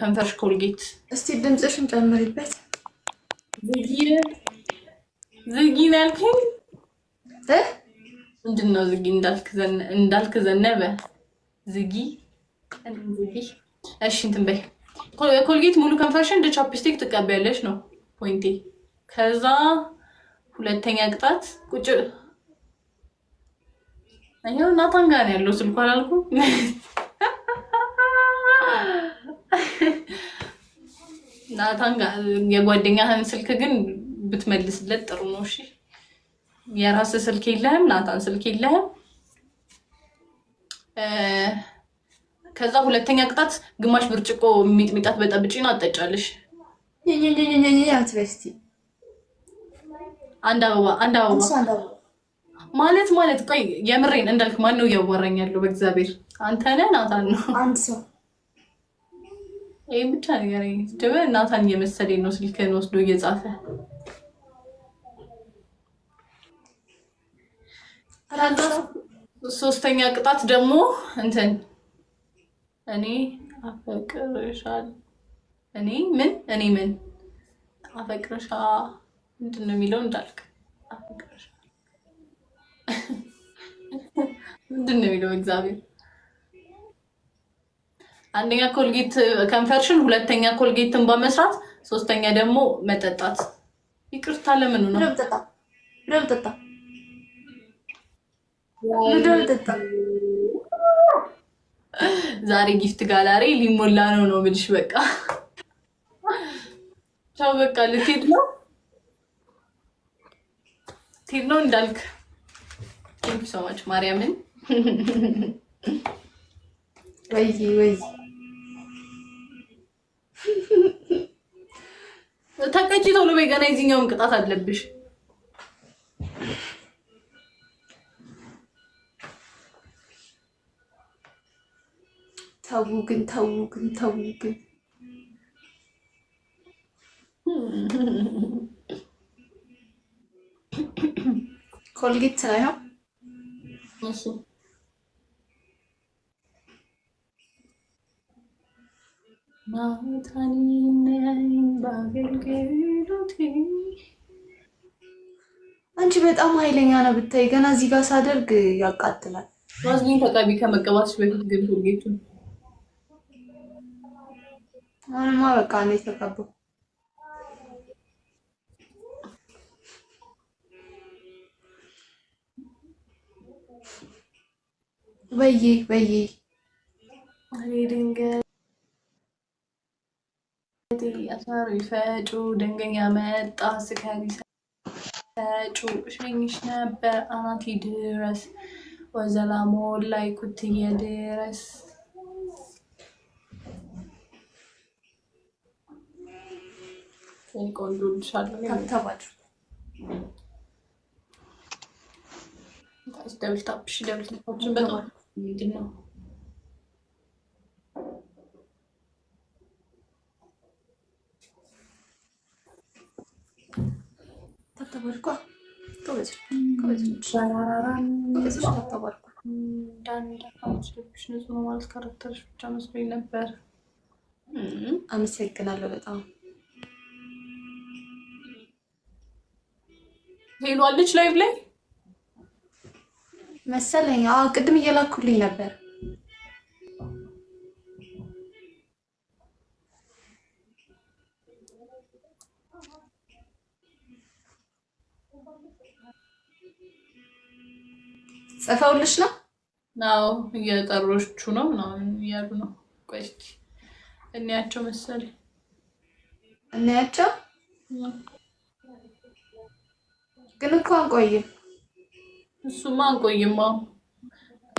ከንፈርሽ ኮልጌት። እስቲ ድምፅሽን ጨምሪበት። ዝጊ ያልከኝ ምንድን ነው? ዝጊ እንዳልክ ዘነበ ዝጊ ዝጊ። እሺ እንትን በይ። ኮልጌት ሙሉ ከንፈርሽን እንደ ቻፕስቲክ ትቀበያለሽ ነው ፖይንቴ። ከዛ ሁለተኛ ቅጣት ቁጭ ይኸው ጋር ያለው ስልኩ አላልኩም ናታን የጓደኛህን ስልክ ግን ብትመልስለት ጥሩ ነው። እሺ የራስ ስልክ የለህም? ናታን ስልክ የለህም? ከዛ ሁለተኛ ቅጣት ግማሽ ብርጭቆ ሚጥሚጣት በጠብጭን አጠጫለሽ። አትበስቲ አንድ አበባ አንድ አበባ ማለት ማለት ቆይ የምሬን እንዳልክ ማን ነው እያዋራኝ ያለው? በእግዚአብሔር አንተ ነህ ናታን ነው አንድ ሰው ይህ ብቻ ነገር ደበ እናታን እየመሰለኝ ነው። ስልክህን ወስዶ እየጻፈ ሶስተኛ ቅጣት ደግሞ እንትን እኔ አፈቅርሻል እኔ ምን እኔ ምን አፈቅርሻ ምንድን ነው የሚለው እንዳልክ አፈቅርሻ ምንድን ነው የሚለው እግዚአብሔር አንደኛ ኮልጌት ከንፈርሽን፣ ሁለተኛ ኮልጌትን በመስራት ሶስተኛ ደግሞ መጠጣት። ይቅርታ ለምን ነው? ዛሬ ጊፍት ጋላሪ ሊሞላ ነው ነው የምልሽ። በቃ ቻው፣ በቃ ልትሄድ ነው ልትሄድ ነው እንዳልክ ቴንኪ ሶ ማች ማርያምን ወይ ወይ ተቀጭ ተብሎ ገና የዚህኛውን ቅጣት አለብሽ። ተው ግን ተው ግን ተው ግን ኮልጌት ስራ ማታኒ አንቺ በጣም ኃይለኛ ነው ብታይ፣ ገና እዚህ ጋር ሳደርግ ያቃጥላል። ዋዝሊን ተቀቢ ከመቀባትሽ በፊት ግን ቶጌቱ አሁንማ በቃ ነው የተቀባው። በይ በይ ድንገት አስማሩ ይፈጩ ደንገኛ መጣ ስከሪ ፈጩ ሸኝሽ ነበር አናቲ ድረስ ወዘላሞ ላይ ኩትየ ድረስ ቆንጆ ልሻለሁ። ደብል ታፕሽ ደብል ታፖችን በጣም ምንድን ነው? ተባርኳ። ጎበዝ ጎበዝ ጎበዝ ማለት ብቻ መስሎኝ ነበር። አመሰግናለሁ በጣም ሄሎ ላይቭ ላይ መሰለኝ። አዎ ቅድም እየላኩልኝ ነበር። ጽፈውልሽ ነው? አዎ እየጠሮቹ ነው ምናምን እያሉ ነው። ቆይ እስኪ እንያቸው መሰለኝ እንያቸው ግን እኮ አንቆይም። እሱማ አንቆይም። አዎ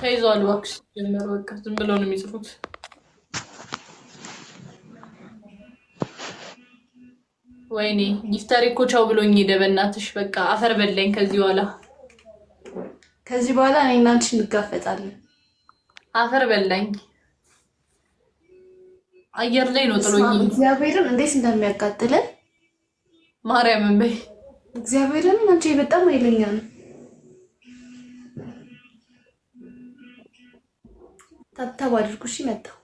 ተይዘዋል እባክሽ ጀመረ። በቃ ዝም ብለው ነው የሚጽፉት። ወይኔ ይፍታሪ እኮ ቻው ብሎኝ ሄደ። በእናትሽ በቃ አፈር በላኝ። ከዚህ በኋላ ከዚህ በኋላ እኔ እና አንቺ እንጋፈጣለን። አፈር በላኝ። አየር ላይ ነው ጥሎኝ። እግዚአብሔርን እንዴት እንደሚያቃጥለን ማርያምን በይ። እግዚአብሔርን አንቺ በጣም አይለኛ ነው። ታብታብ አድርጉ። እሺ መጣው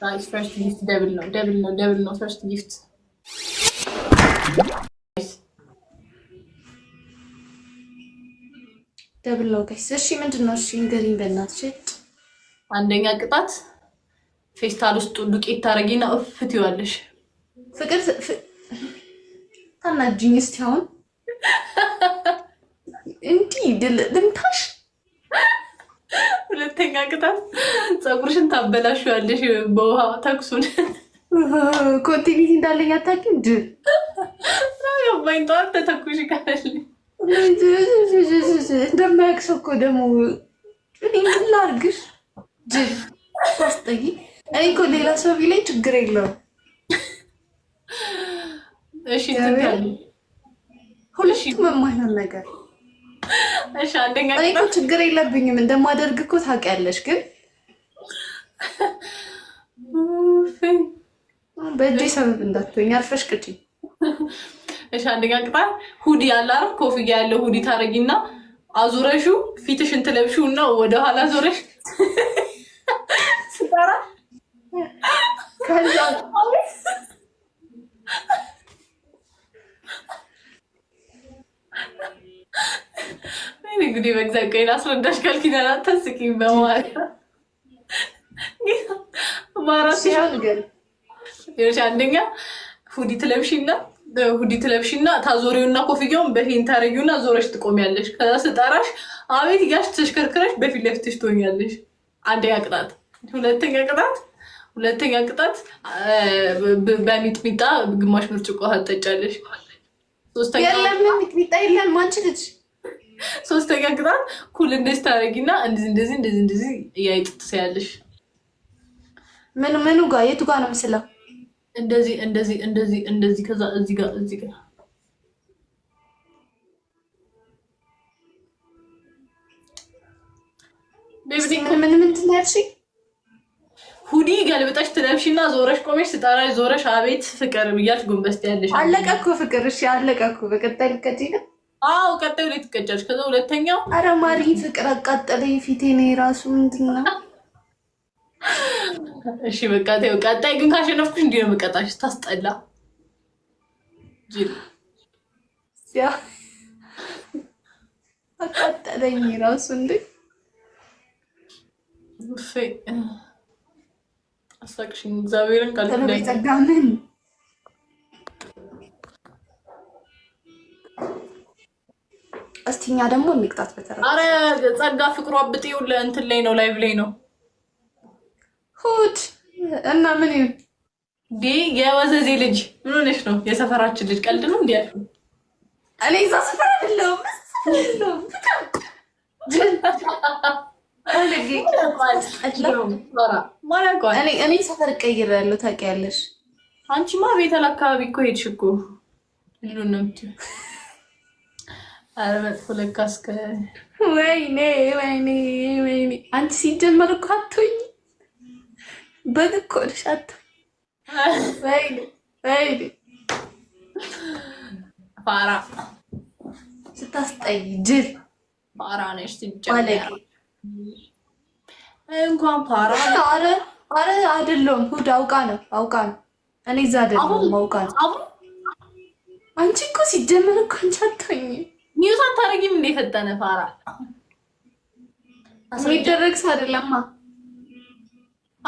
ፈርስት ጊፍት ደብል ነው፣ ደብል ነው፣ ደብል ነው። ፈርስት ጊፍት ደብል ነው ጋይስ። እሺ ምንድን ነው? እሺ እንግዲህ በእናትሽ አንደኛ ቅጣት ፌስታል ውስጥ ዱቄት ታረጊና እፍት ይዋለሽ። ፍቅር ታናጅኝ። እስቲ አሁን እንዲህ ድል ልምታሽ። ሁለተኛ ቅጣት ፀጉርሽን ታበላሹ ያለሽ በውሃ ተኩሱን ኮንቲኒቲ እንዳለኝ አታውቂም። ድ ገባኝ ጠዋት ተተኩሽ ይካላል እንደማያውቅ ሰው እኮ ደግሞ ምን ላድርግሽ? ድ ስጠይ እኔ እኮ ሌላ ሰው ቢለኝ ችግር የለው። እሺ ሁለቱም የማይሆን ነገር እሺ፣ አንደኛ እኔ እኮ ችግር የለብኝም እንደማደርግ እኮ ታውቂያለሽ ግን በእጄ ሰበብ እንዳትሆኝ አርፈሽ ቅጪ። እሺ፣ አንደኛ ቅጣት ሁዲ ያለ አይደል? ኮፍያ ያለው ሁዲ ታረጊና አዙረሹ ፊትሽን ትለብሹ እና ወደኋላ ዞረሽ ስጠራ እንግዲህ በእግዚአብሔር አስረዳሽ ቃል ኪዳን ማራሲያ ገል ሌሎች አንደኛ ሁዲ ትለብሽና ሁዲ ትለብሽና ታዞሪውና ኮፍያውን በፊት ታረጊውና ዞረሽ ትቆሚያለሽ። ከዛ ስጠራሽ አቤት እያልሽ ተሽከርክረሽ በፊት ለፊትሽ ትሆኛለሽ። አንደኛ ቅጣት። ሁለተኛ ቅጣት ሁለተኛ ቅጣት በሚጥሚጣ ግማሽ ብርጭቆ ትጠጫለሽ። ሶስተኛ ቅጣት ኩል እንደዚህ ታረጊና እንደዚህ እንደዚህ እንደዚህ እንደዚህ እያይጥት ያለሽ ምን ምኑ ጋ የቱ ጋ ነው ምስለው እንደዚህ እንደዚህ እንደዚህ እንደዚህ ከዛ እዚህ ጋር እዚህ ጋር ምን ምን ትለብሺ? ሁዲ ገልብጠሽ ትለብሺና ዞረሽ ቆመሽ ስጠራሽ ዞረሽ አቤት ፍቅር ብያለሽ ጎንበስ ትያለሽ። አለቀ እኮ ፍቅር። እሺ አለቀ እኮ። በቀጣይ ልቀጭ ነው። አዎ ቀጣዩ ላይ ትቀጫለሽ። ከዛ ሁለተኛው አረማሪ ፍቅር አቃጠለኝ ፊቴ ነው የራሱ ምንድን ነው እሺ በቃ ተይው። ቀጣይ ግን ካሸነፍኩሽ እንዲህ ነው የምቀጣሽ። ታስጠላ አቃጠለኝ ራሱ እንዴ አሳቅሽኝ። እግዚአብሔርን ደግሞ የሚቅጣት ጸጋ ፍቅሯ ብጤው ለእንትን ላይ ነው ላይቭ ላይ ነው ሁድ እና ምን ይሁን ዲ የወዘዜ ልጅ ምን ሆነሽ ነው? የሰፈራችን ልጅ ቀልድ ነው እንዴ? እኔ እዛ ሰፈር አይደለሁም። እኔ ሰፈር እቀይራለሁ ታውቂያለሽ። አንቺማ ቤተል አካባቢ እኮ ሄድሽ እኮ ሁሉን ነው የምትይው። ኧረ መጥፎ ወይኔ ወይኔ ወይኔ አንቺ ሲጀመር እኮ አትሆኝ ፋራ ስታስጠይ ጅል ፋራ ነሽ። እንኳን ፋራ አረ አይደለሁም። ሁድ አውቃ ነው አውቃ ነው። እኔ እዛ አይደለሁም አውቃ ነው። አንቺ እኮ ሲጀመር እኮ አንቺ አትሆኝም። ኒውስ አታረጊም እንደ የፈጠነ ፋራ የሚደረግ ሰው አይደለማ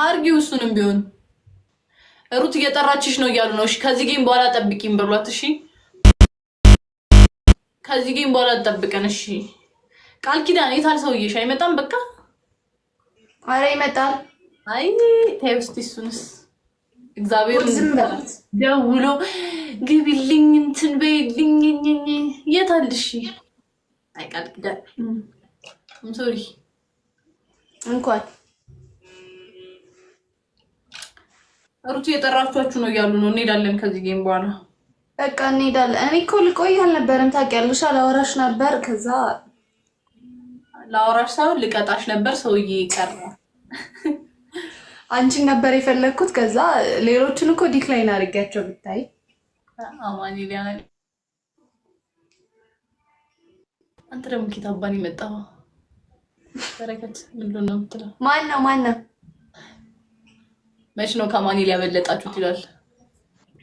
አርጊው እሱንም ቢሆን ሩት እየጠራችሽ ነው እያሉ ነው። እሺ ከዚህ ጌም በኋላ ጠብቂኝ ብሏት። እሺ ከዚህ ጌም በኋላ ጠብቀን። እሺ ቃል ኪዳን የታል ሰውዬሽ? አይመጣም በቃ። አረ ይመጣል። አይ ተይው እስኪ እሱንስ እግዚአብሔር ደውሎ ግቢልኝ እንትን በይልኝ የታል? እሺ አይ ቃል ኪዳን ሶሪ እንኳን ሩት የጠራችኋችሁ ነው እያሉ ነው። እንሄዳለን ከዚህ ጌም በኋላ በቃ እንሄዳለን። እኔ እኮ ልቆይ አልነበረም ታውቂያለሽ። ላወራሽ ነበር ከዛ ላወራሽ ሳይሆን ልቀጣሽ ነበር። ሰውዬ ቀረ። አንቺን ነበር የፈለግኩት። ከዛ ሌሎችን እኮ ዲክላይን አድርጊያቸው ብታይ አማኒ ሊያ አንተ ደግሞ ኬታባን የመጣው በረከት ምንድን ነው የምትለው? ማን ነው ማን ነው መች ነው ከማኔ ሊያበለጣችሁት ይላል።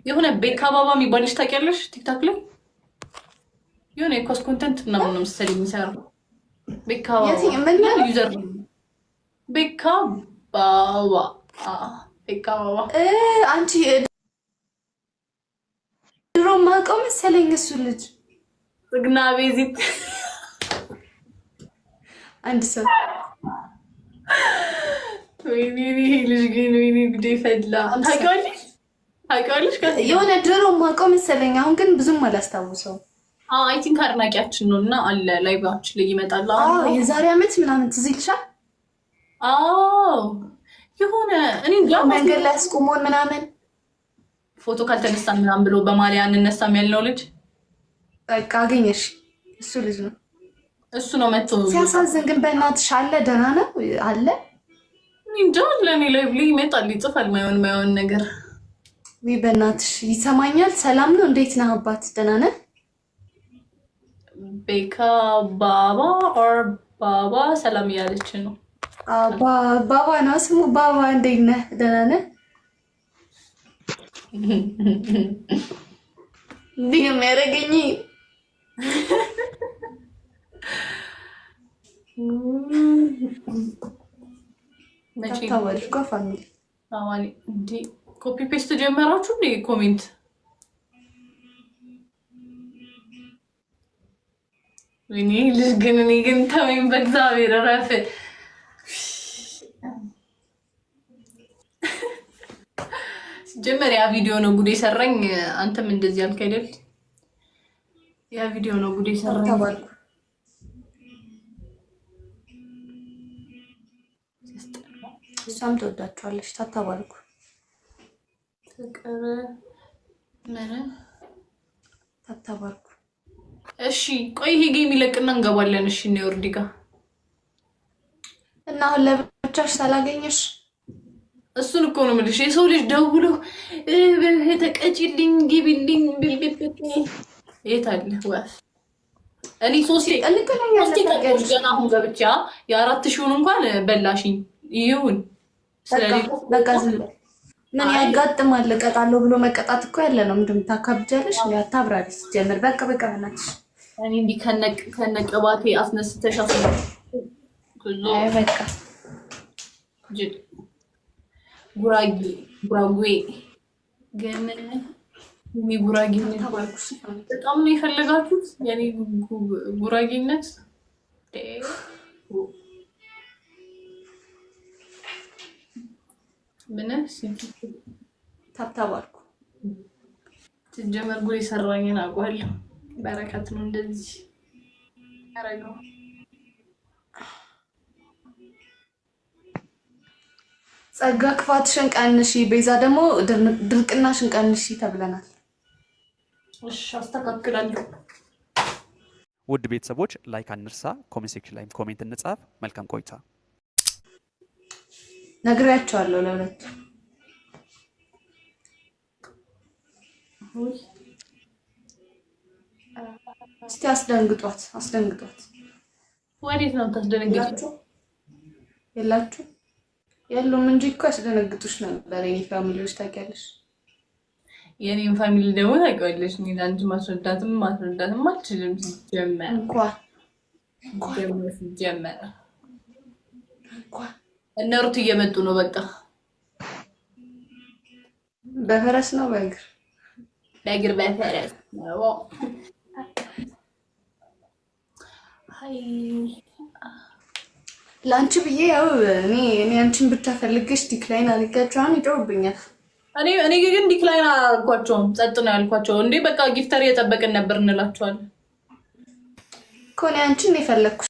የሆነ ቤት ከአባባ የሚባል ልጅ ታውቂያለሽ? ቲክታክ ላይ የሆነ የኳስ ኮንተንት ምናምን ነው መሰለኝ የሚሰራው። ቤካ ዩዘር ቤካ አንቺ ድሮ ማውቀው መሰለኝ እሱ ልጅ ግና ቤዚ አንድ ሰው ልጅ ግን ወይኔ የሆነ ድሮ ማውቀው መሰለኝ፣ አሁን ግን ብዙም አላስታውሰው። አይ ቲንክ አድናቂያችን ነው እና አለ ላይባችን ላይ ይመጣል። የዛሬ ምናምን ትዝ ይልሻል? አዎ የሆነ እኔ መንገድ ላይ አስቁሞን ምናምን ፎቶ ካልተነሳን ምናምን ብሎ በማሊያ አንነሳም ያልነው ልጅ በቃ አገኘሽ። እሱ ልጅ ነው እሱ ነው ሲያሳዝን። ግን በእናትሽ አለ ደህና ነው አለ እንጃ ለእኔ ላይ ብሎ ይመጣል ይጽፋል ማይሆን ማይሆን ነገር ዊ በእናትሽ ይሰማኛል። ሰላም ነው? እንዴት ነህ አባት? ደህና ነህ? ቤካ ባባ ኦር ባባ ሰላም እያለች ነው። ባባ ነው ስሙ። ባባ እንዴት ነህ? ደህና ነህ? እንዲህ የሚያደርገኝ ታወሪ ፋሚሊ እንዲ ኮፒ ፔስት ጀመራችሁ እንዴ? ኮሜንት ልጅ ግን እኔ ግን በእግዚአብሔር ረፍ ቪዲዮ ነው ጉድ የሰራኝ። አንተም እንደዚህ አልክ አይደል? ያ ቪዲዮ ነው ጉድ የሰራኝ። እሷም ትወዳችኋለች። ታታባልኩ ፍቅር ምን ታታባልኩ። እሺ ቆይ ይሄ ጌም ይለቅና እንገባለን። እሺ እኔ ወርዲ ጋር እና አሁን ለብቻሽ ሳላገኘሽ እሱን እኮ ነው የምልሽ። የሰው ልጅ ደውሎ ተቀጭልኝ፣ ግቢልኝ ብልብልብት የት አለ ዋስ እኔ ሶስቴ ሶስቴ ቀን ገና አሁን ገብቻ የአራት ሺውን እንኳን በላሽኝ ይሁን ምን ያጋጥማል? እቀጣለሁ ብሎ መቀጣት እኮ ያለ ነው። ምንድን ታካብጃለሽ? ታብራሪ ስትጀምር በቃ በቃ በናትሽ እኔ እንዲህ ከነቀባቴ አስነስተሽ በቃ ጉራጌ ጉራጌ ግን የኔ ጉራጌነት በጣም ነው የፈለጋችሁት የኔ ጉራጌነት ምን ታብታብ አልኩ። ስትጀመር ጉድ የሰራኝን አውቀዋለሁ። በረከት ነው እንደዚህ ያደረገው። ጸጋ ክፋትሽን ቀንሺ፣ ቤዛ ደግሞ ድርቅናሽን ቀንሺ ተብለናል። እሺ አስተካክላለሁ። ውድ ቤተሰቦች ላይክ አንርሳ፣ ኮሜንት ሴክሽን ላይ ኮሜንት እንጻፍ። መልካም ቆይታ ነግሬያቸዋለሁ ለሁለቱ። እስቲ አስደንግጧት፣ አስደንግጧት። ወዴት ነው ታስደነግጧቸው? የላችሁ የሉም እንጂ እኮ ያስደነግጡሽ ነበር። የኔ ፋሚሊዎች ታውቂያለሽ፣ የኔም ፋሚሊ ደግሞ ታውቂዋለሽ። እኔ ለአንቺ ማስረዳትም ማስረዳትም አልችልም። ሲጀመር እንኳን ሲጀመር እንኳን እነ ሩት እየመጡ ነው። በቃ በፈረስ ነው በእግር በእግር በፈረስ ነው። ለአንቺ ብዬ ያው እኔ እኔ አንቺን ብቻ ፈልግሽ ዲክላይን አድርጋቸው አሁን ይጮውብኛል። እኔ እኔ ግን ዲክላይን አላልኳቸውም፣ ጸጥ ነው ያልኳቸው። እንዴ በቃ ጊፍተር እየጠበቅን ነበር እንላቸዋለን እኮ እኔ አንቺን የፈለግኩሽ